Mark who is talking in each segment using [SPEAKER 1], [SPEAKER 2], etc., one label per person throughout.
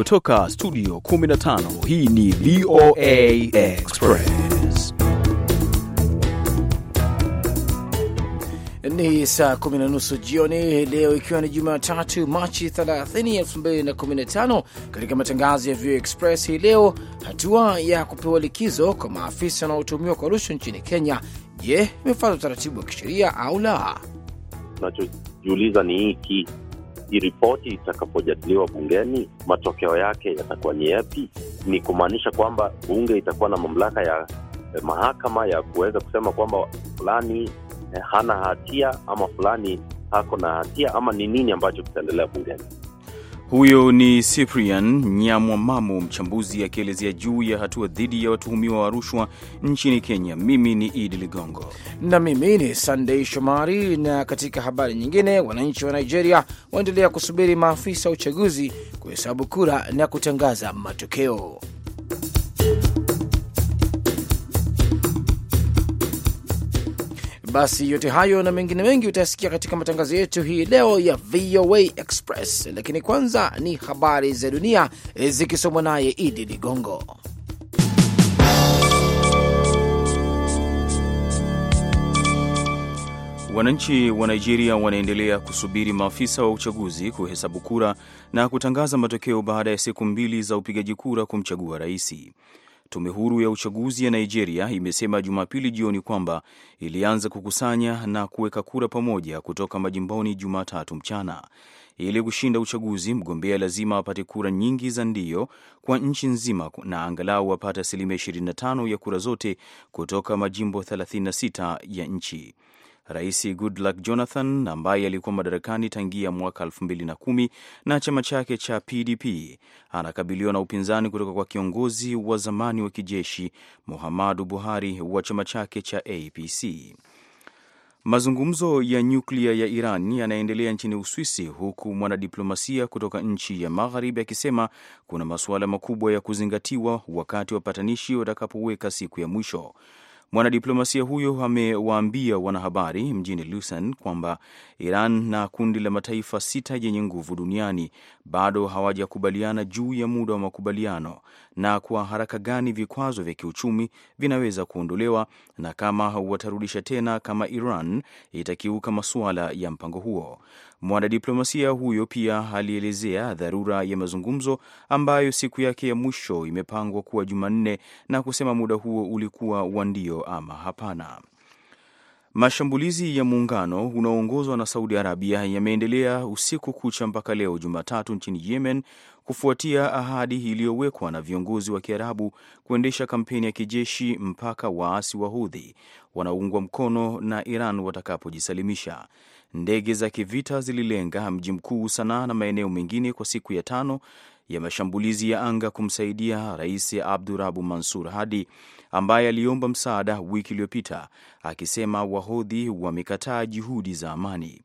[SPEAKER 1] Kutoka studio 15 hii ni VOA Express.
[SPEAKER 2] Ni saa kumi na nusu jioni leo, ikiwa ni Jumatatu Machi 30, 2015. Katika matangazo ya VOA Express hii leo, hatua ya kupewa likizo kwa maafisa wanaotumiwa kwa rushwa nchini Kenya, je, imefuata utaratibu wa kisheria au la?
[SPEAKER 3] nachojiuliza ni hiki ripoti itakapojadiliwa bungeni, matokeo yake yatakuwa ni yapi? Ni kumaanisha kwamba bunge itakuwa na mamlaka ya eh, mahakama ya kuweza kusema kwamba fulani eh, hana hatia ama fulani hako na hatia ama ni nini ambacho kitaendelea bungeni?
[SPEAKER 1] Huyo ni Cyprian Nyamwamamu, mchambuzi akielezea juu ya hatua dhidi ya watuhumiwa wa rushwa nchini Kenya. Mimi ni Idi Ligongo
[SPEAKER 2] na mimi ni Sandei Shomari. Na katika habari nyingine, wananchi wa Nigeria waendelea kusubiri maafisa wa uchaguzi kuhesabu kura na kutangaza matokeo. Basi yote hayo na mengine mengi utayasikia katika matangazo yetu hii leo ya VOA Express, lakini kwanza ni habari za dunia eh, zikisomwa naye Idi Ligongo.
[SPEAKER 1] Wananchi wa Nigeria wanaendelea kusubiri maafisa wa uchaguzi kuhesabu kura na kutangaza matokeo baada ya siku mbili za upigaji kura kumchagua raisi. Tume huru ya uchaguzi ya Nigeria imesema Jumapili jioni kwamba ilianza kukusanya na kuweka kura pamoja kutoka majimboni Jumatatu mchana. Ili kushinda uchaguzi, mgombea lazima apate kura nyingi za ndio kwa nchi nzima na angalau apate asilimia 25 ya kura zote kutoka majimbo 36 ya nchi. Rais Goodluck Jonathan ambaye alikuwa madarakani tangia mwaka 2010 na chama chake cha PDP anakabiliwa na upinzani kutoka kwa kiongozi wa zamani wa kijeshi Muhammadu Buhari wa chama chake cha APC. Mazungumzo ya nyuklia ya Iran yanaendelea nchini Uswisi, huku mwanadiplomasia kutoka nchi ya magharibi akisema kuna masuala makubwa ya kuzingatiwa wakati wapatanishi watakapoweka siku ya mwisho. Mwanadiplomasia huyo amewaambia wanahabari mjini Lausanne kwamba Iran na kundi la mataifa sita yenye nguvu duniani bado hawajakubaliana juu ya muda wa makubaliano na kwa haraka gani vikwazo vya kiuchumi vinaweza kuondolewa na kama watarudisha tena kama Iran itakiuka masuala ya mpango huo. Mwanadiplomasia huyo pia alielezea dharura ya mazungumzo ambayo siku yake ya mwisho imepangwa kuwa Jumanne na kusema muda huo ulikuwa wa ndio ama hapana. Mashambulizi ya muungano unaoongozwa na Saudi Arabia yameendelea usiku kucha mpaka leo Jumatatu nchini Yemen kufuatia ahadi iliyowekwa na viongozi wa Kiarabu kuendesha kampeni ya kijeshi mpaka waasi wa Hudhi wanaoungwa mkono na Iran watakapojisalimisha. Ndege za kivita zililenga mji mkuu Sanaa na maeneo mengine kwa siku ya tano ya mashambulizi ya anga kumsaidia Rais Abdurabu Mansur Hadi ambaye aliomba msaada wiki iliyopita akisema Wahodhi wamekataa juhudi za amani.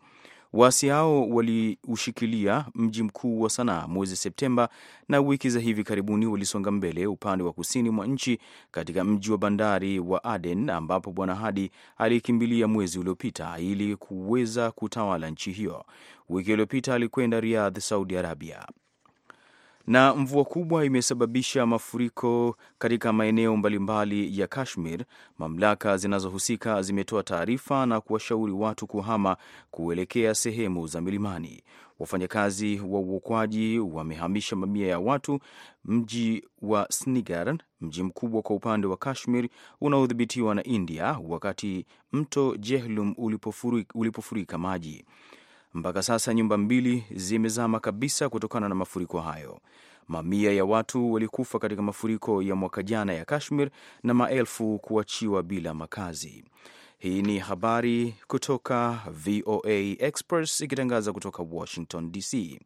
[SPEAKER 1] Waasi hao waliushikilia mji mkuu wa Sanaa mwezi Septemba na wiki za hivi karibuni walisonga mbele upande wa kusini mwa nchi katika mji wa bandari wa Aden ambapo Bwana Hadi alikimbilia mwezi uliopita ili kuweza kutawala nchi hiyo. Wiki iliyopita alikwenda Riyadh, Saudi Arabia. Na mvua kubwa imesababisha mafuriko katika maeneo mbalimbali ya Kashmir. Mamlaka zinazohusika zimetoa taarifa na kuwashauri watu kuhama kuelekea sehemu za milimani. Wafanyakazi wa uokoaji wamehamisha mamia ya watu mji wa Srinagar, mji mkubwa kwa upande wa Kashmir unaodhibitiwa na India, wakati mto Jhelum ulipofurika maji. Mpaka sasa nyumba mbili zimezama kabisa kutokana na mafuriko hayo. Mamia ya watu walikufa katika mafuriko ya mwaka jana ya Kashmir na maelfu kuachiwa bila makazi. Hii ni habari kutoka VOA Express ikitangaza kutoka Washington DC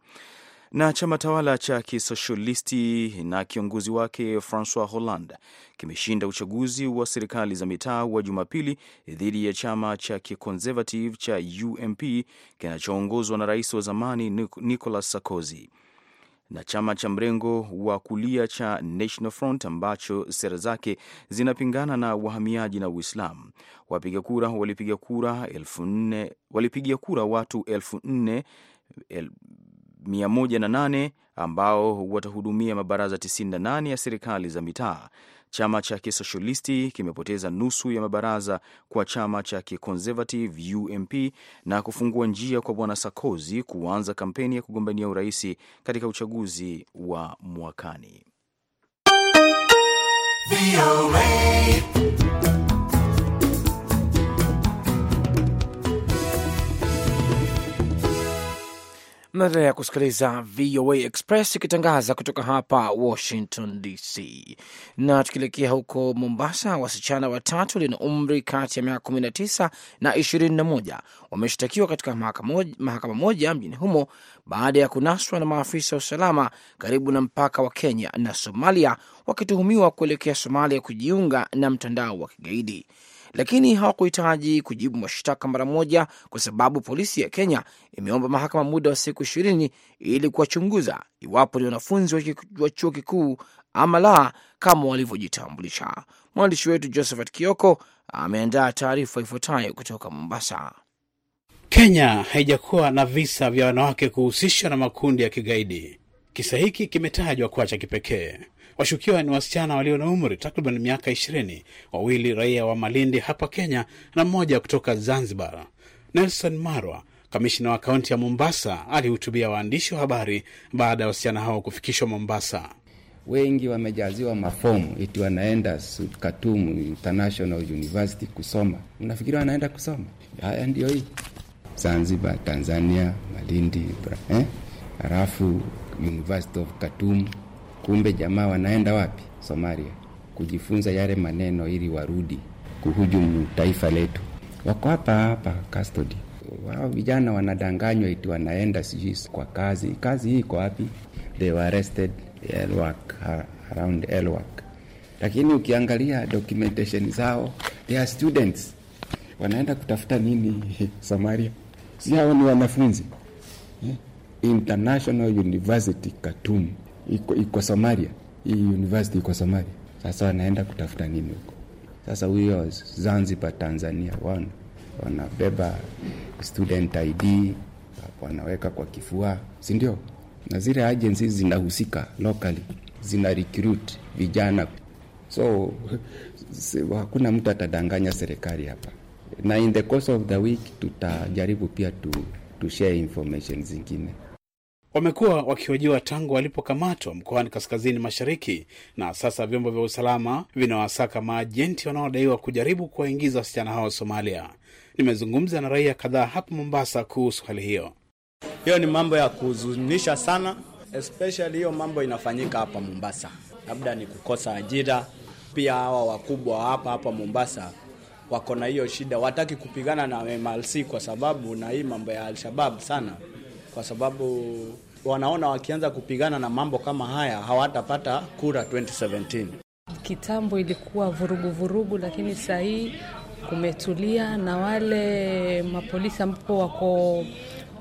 [SPEAKER 1] na chama tawala cha kisoshalisti na kiongozi wake Francois Hollande kimeshinda uchaguzi wa serikali za mitaa wa Jumapili dhidi ya chama cha kiconservative cha UMP kinachoongozwa na rais wa zamani Nicolas Sarkozy na chama cha mrengo wa kulia cha National Front ambacho sera zake zinapingana na wahamiaji na Uislamu. Wapiga kura walipiga kura elfu nne walipiga kura watu elfu nne 108 ambao watahudumia mabaraza 98 ya serikali za mitaa. Chama cha kisoshalisti kimepoteza nusu ya mabaraza kwa chama cha kiconservative UMP na kufungua njia kwa bwana Sarkozy kuanza kampeni ya kugombania uraisi katika uchaguzi wa mwakani.
[SPEAKER 2] ya kusikiliza VOA Express ikitangaza kutoka hapa Washington DC. Na tukielekea huko Mombasa, wasichana watatu walio na umri kati ya miaka 19 na 21 wameshtakiwa katika mahakama moja mjini humo baada ya kunaswa na maafisa wa usalama karibu na mpaka wa Kenya na Somalia, wakituhumiwa kuelekea Somalia kujiunga na mtandao wa kigaidi lakini hawakuhitaji kujibu mashtaka mara moja, kwa sababu polisi ya Kenya imeomba mahakama muda wa siku ishirini ili kuwachunguza iwapo ni wanafunzi wa chuo kikuu ama la, kama walivyojitambulisha. Mwandishi wetu Josephat Kioko ameandaa taarifa ifuatayo kutoka Mombasa.
[SPEAKER 4] Kenya haijakuwa na visa vya wanawake kuhusishwa na makundi ya kigaidi. Kisa hiki kimetajwa kuwa cha kipekee. Washukiwa ni wasichana walio na umri takriban miaka ishirini, wawili raia wa Malindi hapa Kenya na mmoja kutoka Zanzibar. Nelson Marwa, kamishina wa kaunti ya Mombasa, alihutubia waandishi wa habari baada ya wasichana hao kufikishwa Mombasa.
[SPEAKER 5] Wengi wamejaziwa mafomu iti wanaenda Katumu International University kusoma. Unafikiri wanaenda kusoma? Haya ndio hii Zanzibar, Tanzania, Malindi eh? Halafu University of Katumu Kumbe jamaa wanaenda wapi? Somalia, kujifunza yale maneno ili warudi kuhujumu taifa letu. Wako hapa hapa custody. Wao vijana wanadanganywa iti wanaenda sijui kwa kazi. Kazi hii iko wapi? They were arrested Elwak, around Elwak. Lakini ukiangalia documentation zao, they are students. Wanaenda kutafuta nini Somalia? Si hao ni wanafunzi, eh? International University Khartoum iko, iko Samaria. Hii university iko Samaria. Sasa wanaenda kutafuta nini huko? Sasa huyo Zanzibar, Tanzania wana wanabeba student ID wanaweka kwa kifua, si ndio? Na zile agencies zinahusika locally, zina recruit vijana, so hakuna mtu atadanganya serikali hapa. Na in the course of the week tutajaribu pia tu, tu share information zingine
[SPEAKER 4] wamekuwa wakihojiwa tangu walipokamatwa mkoani kaskazini mashariki, na sasa vyombo vya usalama vinawasaka maajenti wanaodaiwa kujaribu kuwaingiza wasichana hao Somalia. Nimezungumza na raia kadhaa hapa Mombasa kuhusu hali hiyo. Hiyo ni mambo ya kuhuzunisha sana,
[SPEAKER 1] especially hiyo mambo inafanyika hapa Mombasa. Labda ni kukosa ajira, pia hawa wakubwa hapa hapa Mombasa wako na hiyo shida, wataki kupigana na MLC kwa sababu na hii mambo ya Alshabab sana kwa sababu wanaona wakianza kupigana na mambo kama haya hawatapata kura 2017.
[SPEAKER 6] Kitambo ilikuwa vurugu vurugu, lakini saa hii kumetulia, na wale mapolisi ambapo wako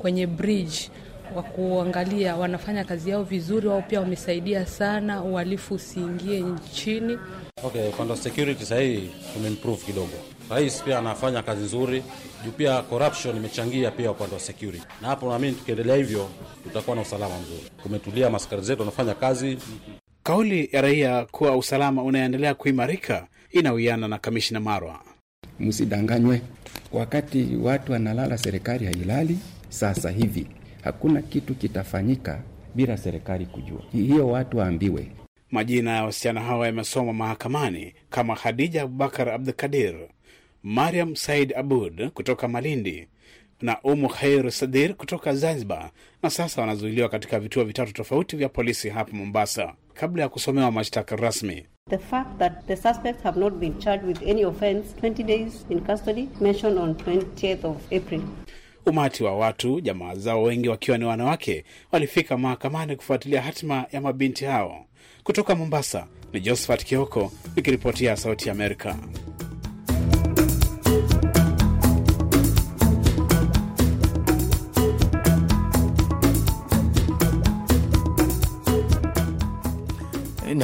[SPEAKER 6] kwenye bridge wa kuangalia wanafanya kazi yao vizuri. Wao pia wamesaidia sana uhalifu usiingie nchini.
[SPEAKER 4] Okay, upande wa security sahii tumeimprove kidogo. Rais pia anafanya kazi nzuri juu pia corruption imechangia pia upande wa security, na hapo naamini tukiendelea hivyo tutakuwa na usalama mzuri. Kumetulia, maskari zetu wanafanya kazi. Kauli ya raia kuwa usalama unaendelea kuimarika inawiana na kamishina Marwa,
[SPEAKER 5] msidanganywe wakati watu wanalala, serikali hailali. Sasa hivi Hakuna kitu kitafanyika bila serikali kujua, hiyo watu waambiwe.
[SPEAKER 4] Majina ya wasichana hawa yamesomwa mahakamani kama Khadija Abubakar Abdulkadir, Mariam Said Abud kutoka Malindi na Umu Khair Sadir kutoka Zanzibar, na sasa wanazuiliwa katika vituo vitatu tofauti vya polisi hapa Mombasa kabla ya kusomewa mashtaka rasmi.
[SPEAKER 7] The fact that the suspects have not been charged with any offense 20 days in custody mentioned on 20th of April
[SPEAKER 4] Umati wa watu, jamaa zao wengi wakiwa ni wanawake, walifika mahakamani kufuatilia hatima ya mabinti hao. Kutoka Mombasa ni Josephat Kioko nikiripotia Sauti ya Amerika.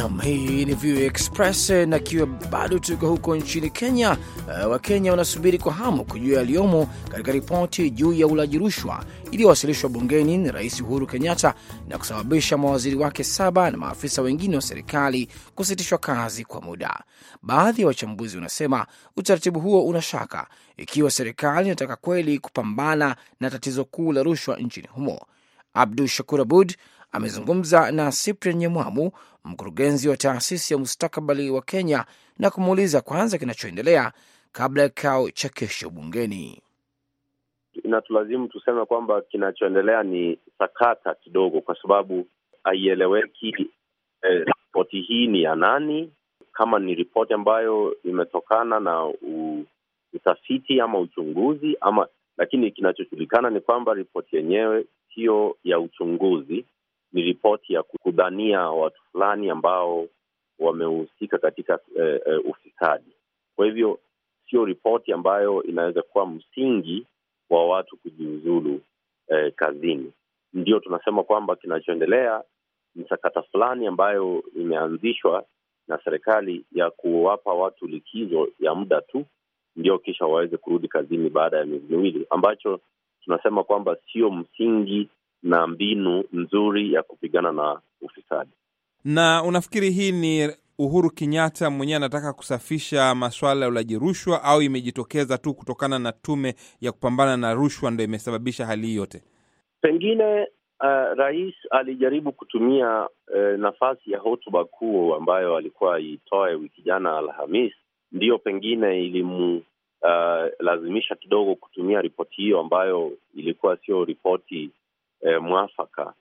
[SPEAKER 2] Nam, hii ni VOA Express eh, na kiwa bado tuko huko nchini Kenya. Uh, Wakenya wanasubiri kwa hamu kujua yaliyomo katika ripoti juu ya ulaji rushwa iliyowasilishwa bungeni na Rais Uhuru Kenyatta na kusababisha mawaziri wake saba na maafisa wengine wa serikali kusitishwa kazi kwa muda. Baadhi ya wa wachambuzi wanasema utaratibu huo una shaka ikiwa serikali inataka kweli kupambana na tatizo kuu la rushwa nchini humo. Abdu Shakur Abud amezungumza na Cyprian Nyemwamu, mkurugenzi wa taasisi ya mustakabali wa Kenya, na kumuuliza kwanza kinachoendelea kabla ya kikao cha kesho bungeni.
[SPEAKER 3] Inatulazimu tuseme kwamba kinachoendelea ni sakata kidogo, kwa sababu haieleweki eh, ripoti hii ni ya nani, kama ni ripoti ambayo imetokana na u, utafiti ama uchunguzi ama, lakini kinachojulikana ni kwamba ripoti yenyewe siyo ya uchunguzi ni ripoti ya kudhania watu fulani ambao wamehusika katika eh, eh, ufisadi. Kwa hivyo sio ripoti ambayo inaweza kuwa msingi wa watu kujiuzulu eh, kazini. Ndio tunasema kwamba kinachoendelea msakata fulani ambayo imeanzishwa na serikali ya kuwapa watu likizo ya muda tu, ndio kisha waweze kurudi kazini baada ya miezi miwili, ambacho tunasema kwamba sio msingi na mbinu nzuri ya kupigana na ufisadi.
[SPEAKER 5] Na unafikiri hii ni Uhuru Kenyatta mwenyewe anataka kusafisha masuala ya ulaji rushwa au imejitokeza tu kutokana na tume ya kupambana na rushwa ndo imesababisha hali hii yote?
[SPEAKER 3] Pengine uh, rais alijaribu kutumia uh, nafasi ya hotuba kuu ambayo alikuwa aitoe wiki jana Alhamis, ndiyo pengine ilimlazimisha uh, kidogo kutumia ripoti hiyo ambayo ilikuwa sio ripoti e, mwafaka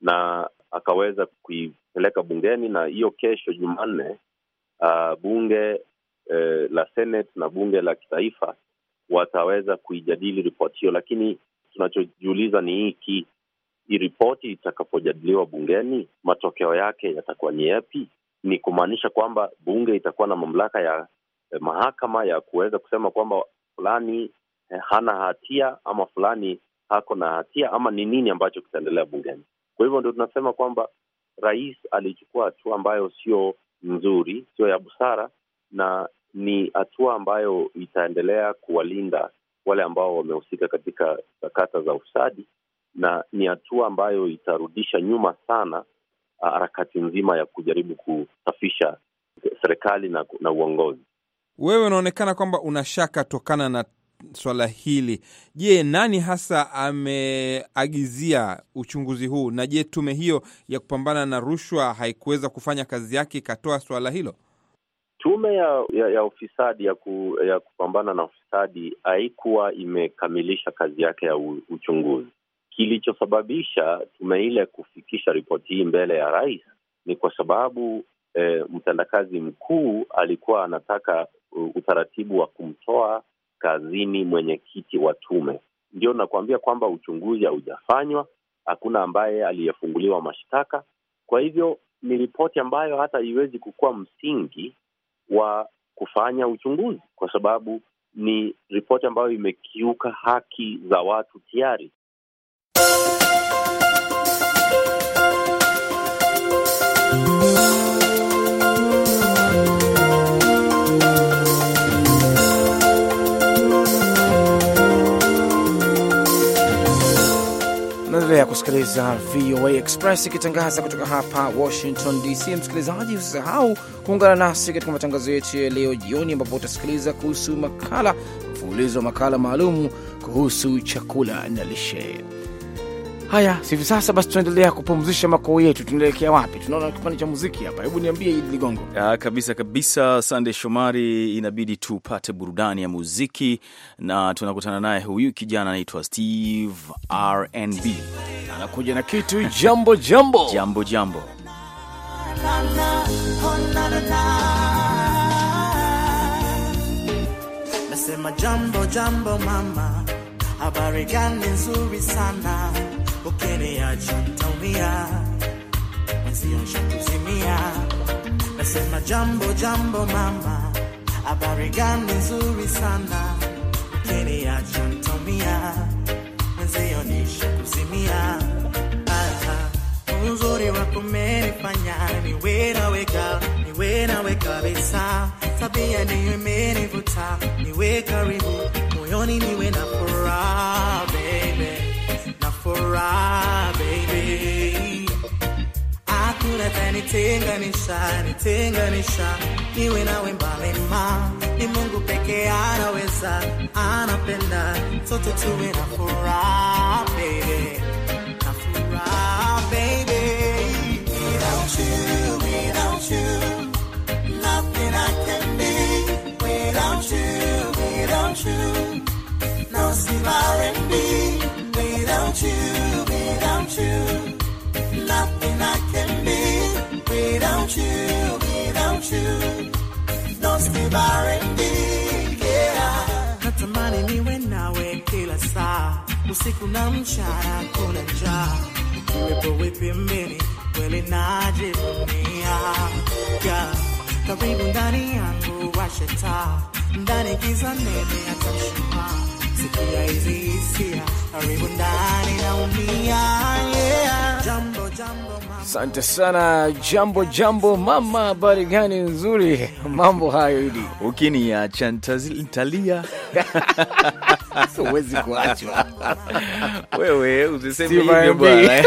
[SPEAKER 3] na akaweza kuipeleka bungeni, na hiyo kesho Jumanne uh, bunge uh, la Senate na bunge la kitaifa wataweza kuijadili ripoti hiyo. Lakini tunachojiuliza ni hiki, hii ripoti itakapojadiliwa bungeni, matokeo yake yatakuwa ni yapi? Ni kumaanisha kwamba bunge itakuwa na mamlaka ya eh, mahakama ya kuweza kusema kwamba fulani eh, hana hatia ama fulani hako na hatia ama ni nini ambacho kitaendelea bungeni. Kwa hivyo ndio tunasema kwamba rais alichukua hatua ambayo sio nzuri, sio ya busara, na ni hatua ambayo itaendelea kuwalinda wale ambao wamehusika katika sakata za ufisadi, na ni hatua ambayo itarudisha nyuma sana harakati nzima ya kujaribu kusafisha serikali na, na uongozi.
[SPEAKER 5] Wewe unaonekana kwamba una shaka tokana na swala hili. Je, nani hasa ameagizia uchunguzi huu? Na je, tume hiyo ya kupambana na rushwa haikuweza kufanya kazi yake ikatoa swala hilo?
[SPEAKER 3] Tume ya, ya, ya ufisadi ya, ku, ya kupambana na ufisadi haikuwa imekamilisha kazi yake ya u, uchunguzi. Kilichosababisha tume ile kufikisha ripoti hii mbele ya rais ni kwa sababu eh, mtendakazi mkuu alikuwa anataka utaratibu wa kumtoa kazini mwenyekiti wa tume. Ndio nakuambia kwamba uchunguzi haujafanywa, hakuna ambaye aliyefunguliwa mashtaka. Kwa hivyo ni ripoti ambayo hata haiwezi kukuwa msingi wa kufanya uchunguzi, kwa sababu ni ripoti ambayo imekiuka haki za watu tayari.
[SPEAKER 2] Unaendelea kusikiliza VOA Express ikitangaza kutoka hapa Washington DC. Msikilizaji, usisahau kuungana nasi katika matangazo yetu ya leo jioni, ambapo utasikiliza kuhusu makala mfululizo wa makala maalum kuhusu
[SPEAKER 1] chakula na lishe.
[SPEAKER 2] Haya, sivi sasa basi, tunaendelea kupumzisha makoo yetu. Tunaelekea wapi? Tunaona kipande cha muziki hapa. Hebu niambie Idi Ligongo.
[SPEAKER 1] Ah, kabisa kabisa, Sande Shomari, inabidi tupate burudani ya muziki, na tunakutana naye huyu kijana anaitwa Steve RnB, anakuja na kitu jambo jambo jambo jambo
[SPEAKER 8] nasema jambo jambo mama, habari gani nzuri sana ukenea chontaumia mwenzio shakuzimia nasema jambo jambo mama habari gani nzuri sana ukenea chontaumia mwenzio nishakuzimia uzuri wako umenifanya niwe nawe niwe nawe kabisa tabia niyo imenivuta niwe karibu moyoni niwe na furaha nitenganisha nitenganisha niwe nawe ni Mungu anaweza anapenda tuwe na furaha without you without you nothing I can be without you without you no without you without you without you, no stibarendi yeah. usiku na mchana, kuna njaa, ukiwepo wepemeni, kweli najivunia yeah. Karibu ndani yangu, washe ndani kiza nene, atashuma. sikia hizi hisia karibu ndani naumia, asante
[SPEAKER 2] sana. Jambo jambo mama, habari gani? Nzuri mambo hayo, Idi
[SPEAKER 1] ukiniacha ntalia
[SPEAKER 2] uwezi kuachwa
[SPEAKER 8] wewe, usiseme hivyo bwana.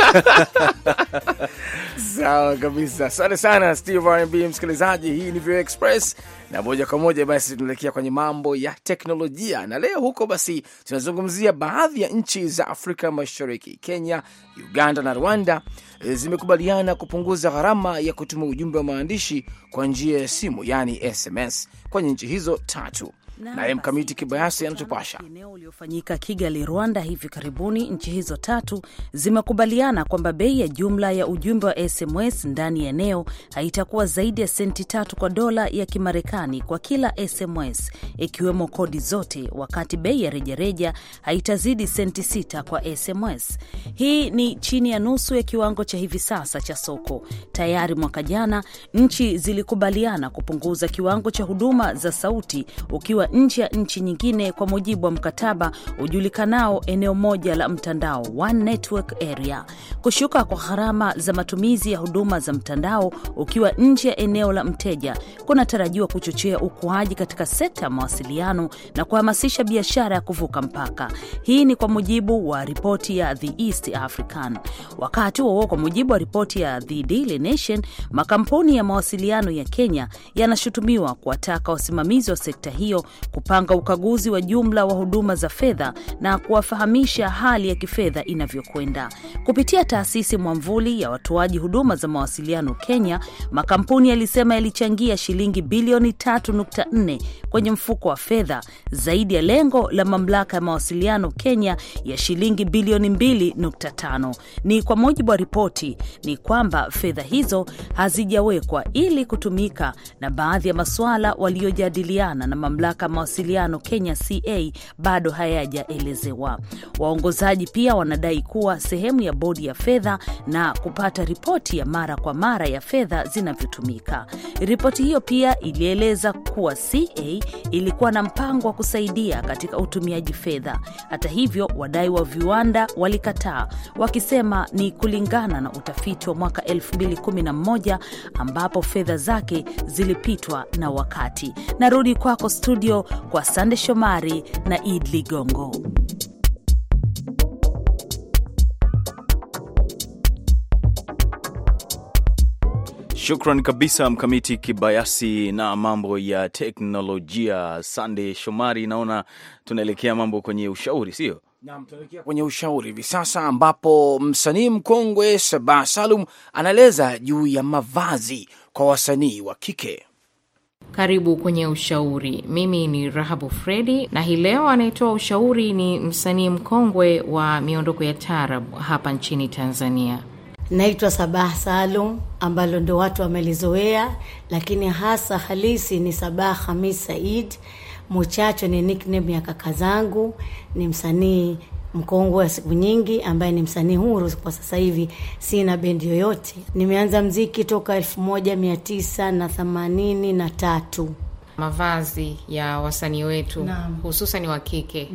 [SPEAKER 2] Sawa kabisa, asante sana Steve RnB. Msikilizaji, hii ni Vio Express na moja kwa moja basi tunaelekea kwenye mambo ya teknolojia, na leo huko basi tunazungumzia baadhi ya nchi za Afrika Mashariki. Kenya, Uganda na Rwanda eh, zimekubaliana kupunguza gharama ya kutuma ujumbe wa maandishi kwa njia ya simu, yaani SMS, kwenye nchi hizo tatu. Naye Mkamiti Kibayasi anatupasha. Eneo
[SPEAKER 6] uliofanyika Kigali, Rwanda hivi karibuni, nchi hizo tatu zimekubaliana kwamba bei ya jumla ya ujumbe wa SMS ndani ya eneo haitakuwa zaidi ya senti tatu kwa dola ya Kimarekani kwa kila SMS, ikiwemo kodi zote, wakati bei ya rejareja haitazidi senti sita kwa SMS. Hii ni chini ya nusu ya kiwango cha hivi sasa cha soko. Tayari mwaka jana nchi zilikubaliana kupunguza kiwango cha huduma za sauti ukiwa nje ya nchi nyingine kwa mujibu wa mkataba ujulikanao eneo moja la mtandao, One Network Area. Kushuka kwa gharama za matumizi ya huduma za mtandao ukiwa nje ya eneo la mteja kunatarajiwa kuchochea ukuaji katika sekta ya mawasiliano na kuhamasisha biashara ya kuvuka mpaka. Hii ni kwa mujibu wa ripoti ya The East African. Wakati huo kwa mujibu wa ripoti ya The Daily Nation, makampuni ya mawasiliano ya Kenya yanashutumiwa kuwataka wasimamizi wa sekta hiyo kupanga ukaguzi wa jumla wa huduma za fedha na kuwafahamisha hali ya kifedha inavyokwenda. Kupitia taasisi mwamvuli ya watoaji huduma za mawasiliano Kenya, makampuni yalisema yalichangia shilingi bilioni 3.4 kwenye mfuko wa fedha, zaidi ya lengo la mamlaka ya mawasiliano Kenya ya shilingi bilioni 2.5. Ni kwa mujibu wa ripoti ni kwamba fedha hizo hazijawekwa ili kutumika, na baadhi ya masuala waliyojadiliana na mamlaka katika mawasiliano Kenya ca bado hayajaelezewa. Waongozaji pia wanadai kuwa sehemu ya bodi ya fedha na kupata ripoti ya mara kwa mara ya fedha zinavyotumika. Ripoti hiyo pia ilieleza kuwa CA ilikuwa na mpango wa kusaidia katika utumiaji fedha. Hata hivyo, wadai wa viwanda walikataa wakisema ni kulingana na utafiti wa mwaka 2011 ambapo fedha zake zilipitwa na wakati. Narudi kwako studio studio kwa Sande Shomari na Id Ligongo.
[SPEAKER 1] Shukran kabisa Mkamiti Kibayasi na mambo ya teknolojia. Sande Shomari, naona tunaelekea mambo kwenye ushauri, sio?
[SPEAKER 8] Naam, tunaelekea
[SPEAKER 2] kwenye ushauri hivi sasa, ambapo msanii mkongwe Sabaa Salum anaeleza juu ya mavazi kwa wasanii wa kike.
[SPEAKER 7] Karibu kwenye ushauri. Mimi ni Rahabu Fredi na hii leo anayetoa ushauri ni msanii mkongwe wa miondoko ya taarab hapa nchini Tanzania. Naitwa Sabaha Salum, ambalo ndo watu wamelizoea, lakini hasa halisi ni Sabaha Hamis Said. Muchacho ni nickname ya kaka zangu. Ni msanii mkongwe wa siku nyingi, ambaye ni msanii huru. Kwa sasa hivi sina bendi yoyote. Nimeanza mziki toka elfu moja mia tisa na themanini na tatu. Mavazi ya wasanii wetu hususan wa kike,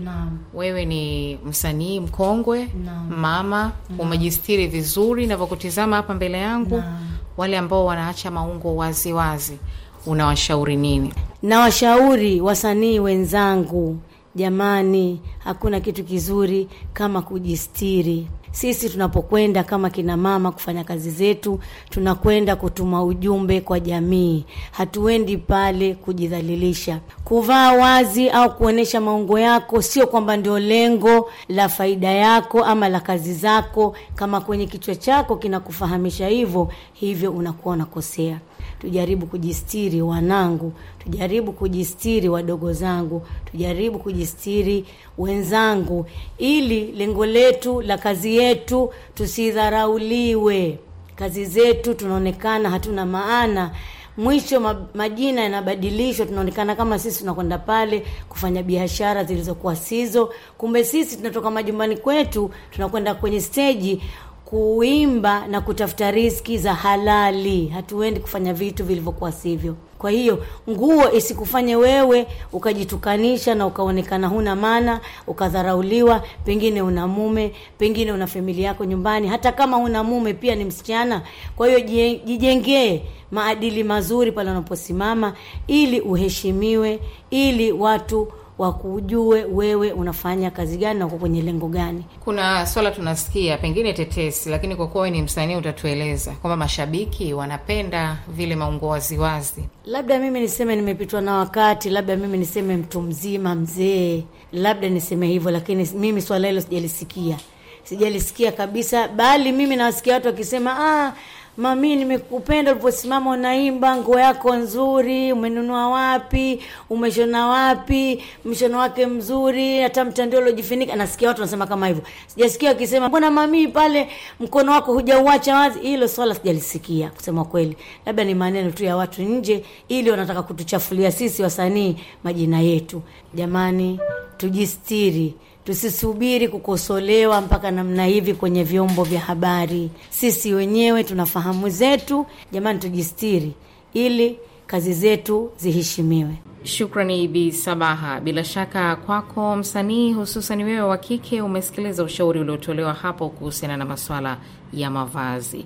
[SPEAKER 7] wewe ni msanii mkongwe Naam. Mama Umejistiri vizuri navyokutizama hapa mbele yangu Naam. Wale ambao wanaacha maungo waziwazi Unawashauri nini? Nawashauri wasanii wenzangu Jamani, hakuna kitu kizuri kama kujistiri. Sisi tunapokwenda kama kina mama kufanya kazi zetu, tunakwenda kutuma ujumbe kwa jamii. Hatuendi pale kujidhalilisha. Kuvaa wazi au kuonyesha maungo yako sio kwamba ndio lengo la faida yako ama la kazi zako. Kama kwenye kichwa chako kinakufahamisha hivyo, hivyo unakuwa unakosea tujaribu kujistiri wanangu, tujaribu kujistiri wadogo zangu, tujaribu kujistiri wenzangu, ili lengo letu la kazi yetu tusidharauliwe. Kazi zetu tunaonekana hatuna maana Mwisho majina yanabadilishwa, tunaonekana kama sisi tunakwenda pale kufanya biashara zilizokuwa sizo, kumbe sisi tunatoka majumbani kwetu tunakwenda kwenye steji kuimba na kutafuta riski za halali. Hatuendi kufanya vitu vilivyokuwa sivyo. Kwa hiyo nguo isikufanye wewe ukajitukanisha na ukaonekana huna maana, ukadharauliwa. Pengine una mume, pengine una familia yako nyumbani, hata kama huna mume pia ni msichana. Kwa hiyo jijengee maadili mazuri pale unaposimama, ili uheshimiwe, ili watu wakujue wewe unafanya kazi gani na uko kwenye lengo gani. Kuna swala tunasikia pengine tetesi, lakini kwa kuwa ni msanii utatueleza kwamba mashabiki wanapenda vile maungo waziwazi. Labda mimi niseme nimepitwa na wakati, labda mimi niseme mtu mzima, mzee, labda niseme hivyo, lakini mimi swala hilo sijalisikia, sijalisikia kabisa, bali mimi nawasikia watu wakisema ah mami, nimekupenda ulivyosimama unaimba, nguo yako nzuri, umenunua wapi? Umeshona wapi? Mshono wake mzuri, hata mtandio uliojifunika. Nasikia watu wanasema kama hivyo, sijasikia wakisema mbona mami pale mkono wako hujauacha wazi. Hilo swala sijalisikia kusema kweli, labda ni maneno tu ya watu nje, ili wanataka kutuchafulia sisi wasanii majina yetu. Jamani, tujistiri. Tusisubiri kukosolewa mpaka namna hivi kwenye vyombo vya habari. Sisi wenyewe tuna fahamu zetu, jamani, tujistiri ili kazi zetu ziheshimiwe. Shukrani Bi Sabaha. Bila shaka kwako msanii, hususani wewe wa kike, umesikiliza ushauri uliotolewa hapo kuhusiana na masuala ya mavazi.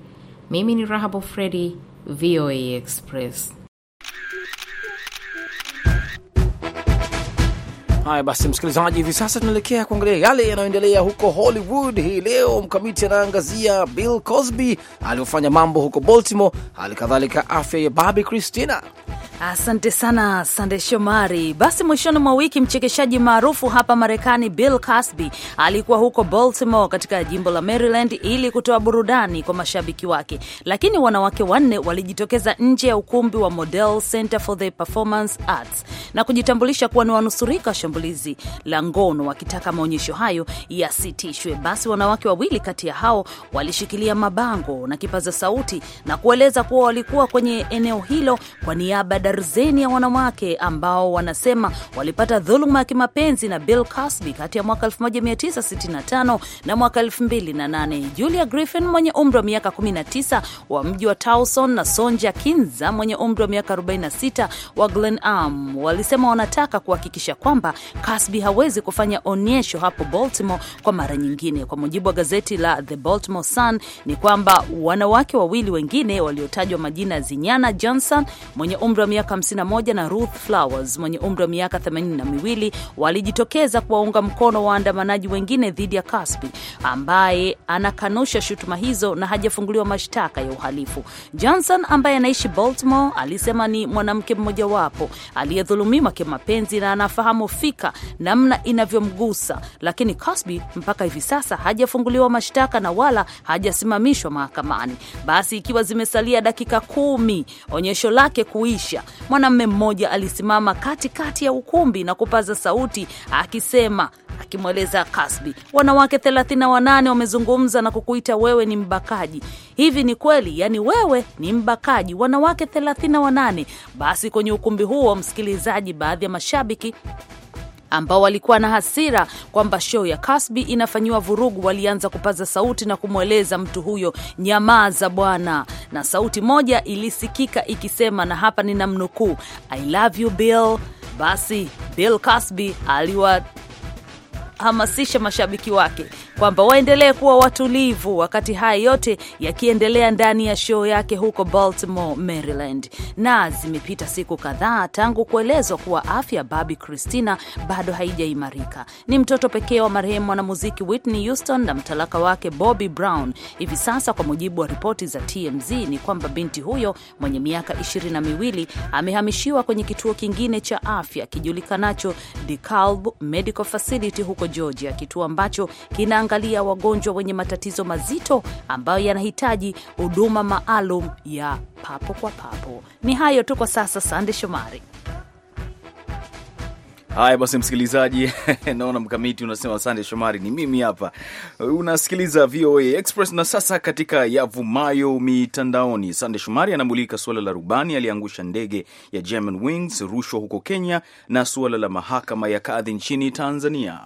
[SPEAKER 7] Mimi ni Rahabu Fredi, VOA Express.
[SPEAKER 2] Haya basi, msikilizaji, hivi sasa tunaelekea kuangalia yale yanayoendelea huko Hollywood hii leo. Mkamiti anaangazia Bill Cosby aliyofanya mambo huko Baltimore, hali kadhalika afya ya Bobby Christina.
[SPEAKER 6] Asante sana Sande Shomari. Basi mwishoni mwa wiki mchekeshaji maarufu hapa Marekani Bill Cosby alikuwa huko Baltimore katika jimbo la Maryland ili kutoa burudani kwa mashabiki wake, lakini wanawake wanne walijitokeza nje ya ukumbi wa Model Center for the Performance Arts na kujitambulisha kuwa ni wanusurika shambulio shambulizi la ngono wakitaka maonyesho hayo yasitishwe. Basi wanawake wawili kati ya hao walishikilia mabango na kipaza sauti na kueleza kuwa walikuwa kwenye eneo hilo kwa niaba ya darzeni ya wanawake ambao wanasema walipata dhuluma ya kimapenzi na Bill Cosby kati ya mwaka 1965 na mwaka 2008. Julia Griffin mwenye umri wa miaka 19 wa mji wa Towson na Sonja Kinza mwenye umri wa miaka 46 wa Glenarm walisema wanataka kuhakikisha kwamba Kasbi hawezi kufanya onyesho hapo Baltimore kwa mara nyingine. Kwa mujibu wa gazeti la The Baltimore Sun ni kwamba wanawake wawili wengine waliotajwa majina ya Zinyana Johnson mwenye umri wa miaka 51 na Ruth Flowers mwenye umri wa miaka 82 walijitokeza kuwaunga mkono waandamanaji wengine dhidi ya Kasbi ambaye anakanusha shutuma hizo na hajafunguliwa mashtaka ya uhalifu. Johnson ambaye anaishi Baltimore alisema ni mwanamke mmojawapo aliyedhulumiwa kimapenzi na anafahamu fi mhusika, namna inavyomgusa. Lakini Cosby mpaka hivi sasa hajafunguliwa mashtaka na wala hajasimamishwa mahakamani. Basi ikiwa zimesalia dakika kumi onyesho lake kuisha, mwanamume mmoja alisimama katikati kati ya ukumbi na kupaza sauti akisema akimweleza Kasbi, wanawake 38 wamezungumza na kukuita wewe ni mbakaji. Hivi ni kweli? Yaani wewe ni mbakaji, wanawake 38? Basi kwenye ukumbi huo, msikilizaji, baadhi ya mashabiki ambao walikuwa na hasira kwamba show ya Kasbi inafanyiwa vurugu, walianza kupaza sauti na kumweleza mtu huyo, nyamaza bwana, na sauti moja ilisikika ikisema, na hapa ninamnukuu, I love you Bill. Basi Bill Cosby aliwa kuhamasisha mashabiki wake kwamba waendelee kuwa watulivu wakati haya yote yakiendelea ndani ya show yake huko Baltimore, Maryland. Na zimepita siku kadhaa tangu kuelezwa kuwa afya babi Christina bado haijaimarika. Ni mtoto pekee wa marehemu mwanamuziki Whitney Houston na mtalaka wake Bobby Brown. Hivi sasa, kwa mujibu wa ripoti za TMZ, ni kwamba binti huyo mwenye miaka ishirini na miwili amehamishiwa kwenye kituo kingine cha afya kijulikanacho DeKalb Medical Facility huko Georgia, kituo ambacho kinaangalia wagonjwa wenye matatizo mazito ambayo yanahitaji huduma maalum ya papo kwa papo. Ni hayo tu kwa sasa, Sande Shomari.
[SPEAKER 1] Haya basi, msikilizaji naona mkamiti unasema sande Shomari, ni mimi hapa. Unasikiliza VOA Express na sasa katika yavumayo mitandaoni, Sande Shomari anamulika suala la rubani aliyeangusha ndege ya german Wings, rushwa huko Kenya, na suala la mahakama ya kadhi nchini Tanzania.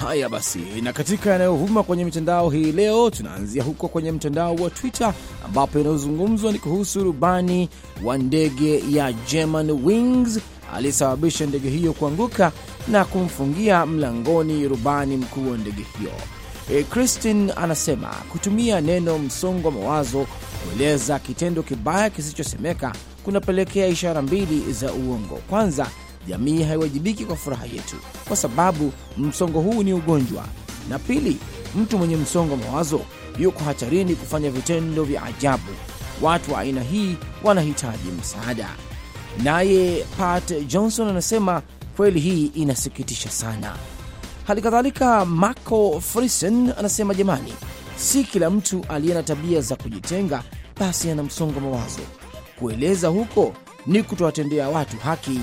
[SPEAKER 2] Haya basi, na katika yanayovuma kwenye mitandao hii leo, tunaanzia huko kwenye mtandao wa Twitter ambapo inayozungumzwa ni kuhusu rubani wa ndege ya German Wings aliyesababisha ndege hiyo kuanguka na kumfungia mlangoni rubani mkuu wa ndege hiyo. E, Christine anasema kutumia neno msongo wa mawazo kueleza kitendo kibaya kisichosemeka kunapelekea ishara mbili za uongo. Kwanza, jamii haiwajibiki kwa furaha yetu kwa sababu msongo huu ni ugonjwa, na pili, mtu mwenye msongo wa mawazo yuko hatarini kufanya vitendo vya ajabu. Watu wa aina hii wanahitaji msaada. Naye Pat Johnson anasema kweli hii inasikitisha sana. Hali kadhalika Marco Frisen anasema jamani, si kila mtu aliye na tabia za kujitenga basi ana msongo mawazo. Kueleza huko ni kutowatendea watu haki.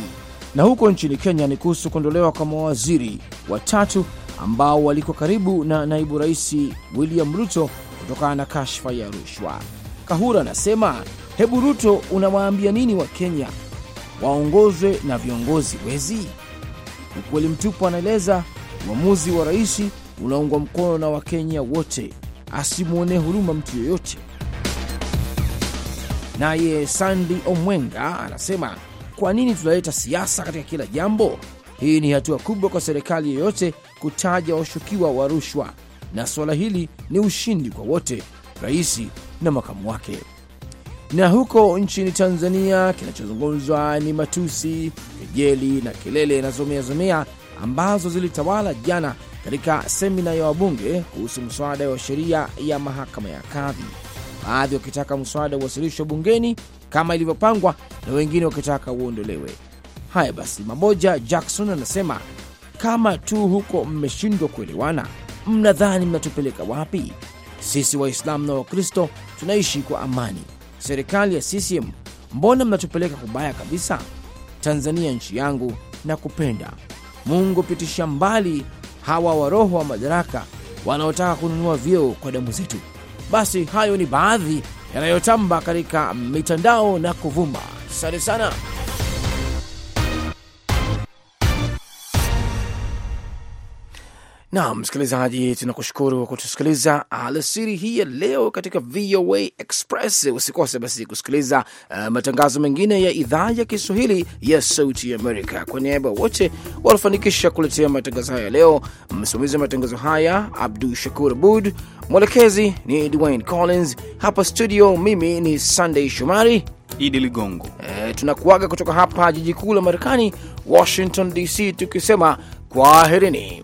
[SPEAKER 2] Na huko nchini Kenya ni kuhusu kuondolewa kwa mawaziri watatu ambao walikuwa karibu na naibu rais William Ruto kutokana na kashfa ya rushwa. Kahura anasema hebu, Ruto unawaambia nini Wakenya waongozwe na viongozi wezi? Ukweli mtupu, anaeleza. Uamuzi wa rais unaungwa mkono na Wakenya wote, asimwonee huruma mtu yoyote. Naye Sandi Omwenga anasema kwa nini tunaleta siasa katika kila jambo? Hii ni hatua kubwa kwa serikali yoyote kutaja washukiwa wa rushwa, na suala hili ni ushindi kwa wote, rais na makamu wake. Na huko nchini Tanzania, kinachozungumzwa ni matusi, kejeli na kelele na zomeazomea ambazo zilitawala jana katika semina ya wabunge kuhusu mswada wa sheria ya mahakama ya kadhi, baadhi wakitaka mswada uwasilishwe bungeni kama ilivyopangwa na wengine wakitaka uondolewe. Haya basi, Mamoja Jackson anasema kama tu huko mmeshindwa kuelewana, mnadhani mnatupeleka wapi? Sisi Waislamu na Wakristo tunaishi kwa amani, serikali ya CCM, mbona mnatupeleka kubaya kabisa? Tanzania nchi yangu na kupenda Mungu, pitisha mbali hawa waroho wa madaraka wanaotaka kununua vyeo kwa damu zetu. Basi hayo ni baadhi yanayotamba katika mitandao na kuvuma. Asante sana. Na msikilizaji, tunakushukuru kwa kutusikiliza alasiri hii ya leo katika VOA Express. Usikose basi kusikiliza uh, matangazo mengine ya idhaa ya Kiswahili ya Sauti Amerika. Kwa niaba wote walifanikisha kuletea matangazo haya leo, msimamizi wa matangazo haya Abdu Shakur Abud, mwelekezi ni Dwayne Collins, hapa studio mimi ni Sunday Shomari
[SPEAKER 1] Idi Ligongo.
[SPEAKER 2] Uh, tunakuaga kutoka hapa jiji kuu la Marekani, Washington DC, tukisema kwaherini.